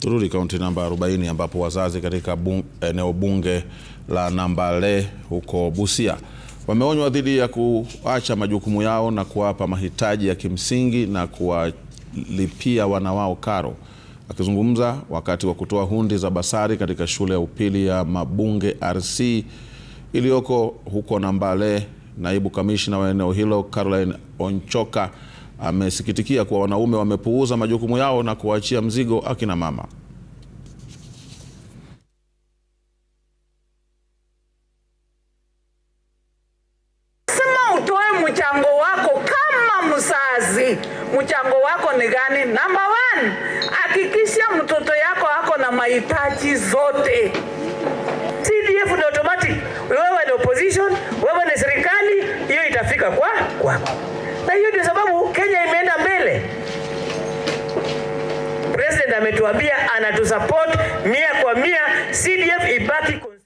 Turudi kaunti namba 40 ambapo wazazi katika bung, eneo bunge la Nambale huko Busia wameonywa dhidi ya kuacha majukumu yao na kuwapa mahitaji ya kimsingi na kuwalipia wana wao karo. Akizungumza wakati wa kutoa hundi za basari katika shule ya upili ya Mabunge RC iliyoko huko Nambale, naibu kamishna wa eneo hilo Caroline Onchoka amesikitikia kuwa wanaume wamepuuza majukumu yao na kuwaachia mzigo akina mama. Sema utoe mchango wako kama mzazi, mchango wako ni gani? Namba one, hakikisha mtoto yako ako na mahitaji zote. CDF ni automatic, wewe ni opposition, wewe ni serikali, hiyo itafika kwa kwako, na hiyo ndio sababu Kenya imeenda mbele. President ametuambia anatusupport mia kwa mia, CDF ibaki